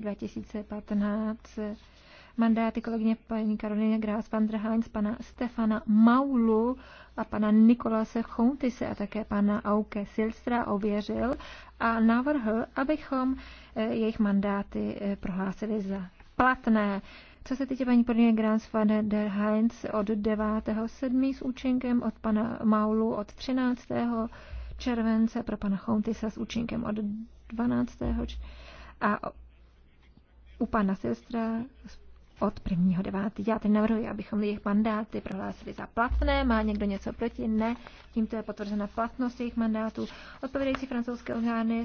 2015 mandáty kolegyně paní Karolina Grás, pan Drhánc, pana Stefana Maulu a pana Nikolase Chontise a také pana Auke Silstra ověřil a navrhl, abychom eh, jejich mandáty eh, prohlásili za platné. Co se týče paní Podně Grans van der Heinz od 9.7. s účinkem, od pana Maulu od 13. července, pro pana Chountisa s účinkem od 12 a u pana Silstra od 1.9. Já teď navrhuji, abychom jejich mandáty prohlásili za platné. Má někdo něco proti? Ne. Tímto je potvrzena platnost jejich mandátů. Odpovědající francouzské orgány